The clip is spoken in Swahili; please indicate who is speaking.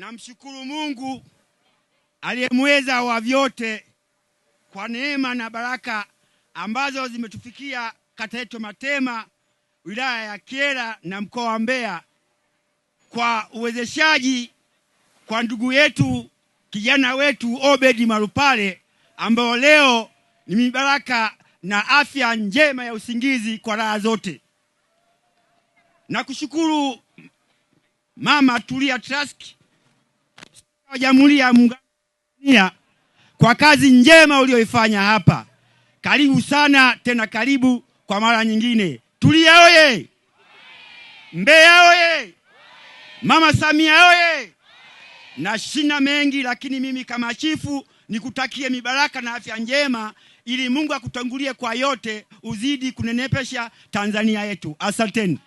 Speaker 1: Namshukuru Mungu aliyemweza wa vyote kwa neema na baraka ambazo zimetufikia kata yetu Matema, wilaya ya Kyela na mkoa wa Mbeya, kwa uwezeshaji kwa ndugu yetu kijana wetu Obedi Marupale ambayo leo ni mibaraka na afya njema ya usingizi kwa raha zote. Nakushukuru Mama Tulia Trask wa Jamhuri ya Muungano wa Tanzania kwa kazi njema ulioifanya hapa. Karibu sana tena, karibu kwa mara nyingine. Tulia oye! Mbeya oye! Mama Samia oye!
Speaker 2: Na shina
Speaker 1: mengi, lakini mimi kama chifu nikutakie mibaraka na afya njema, ili Mungu akutangulie kwa yote, uzidi kunenepesha Tanzania yetu. Asanteni.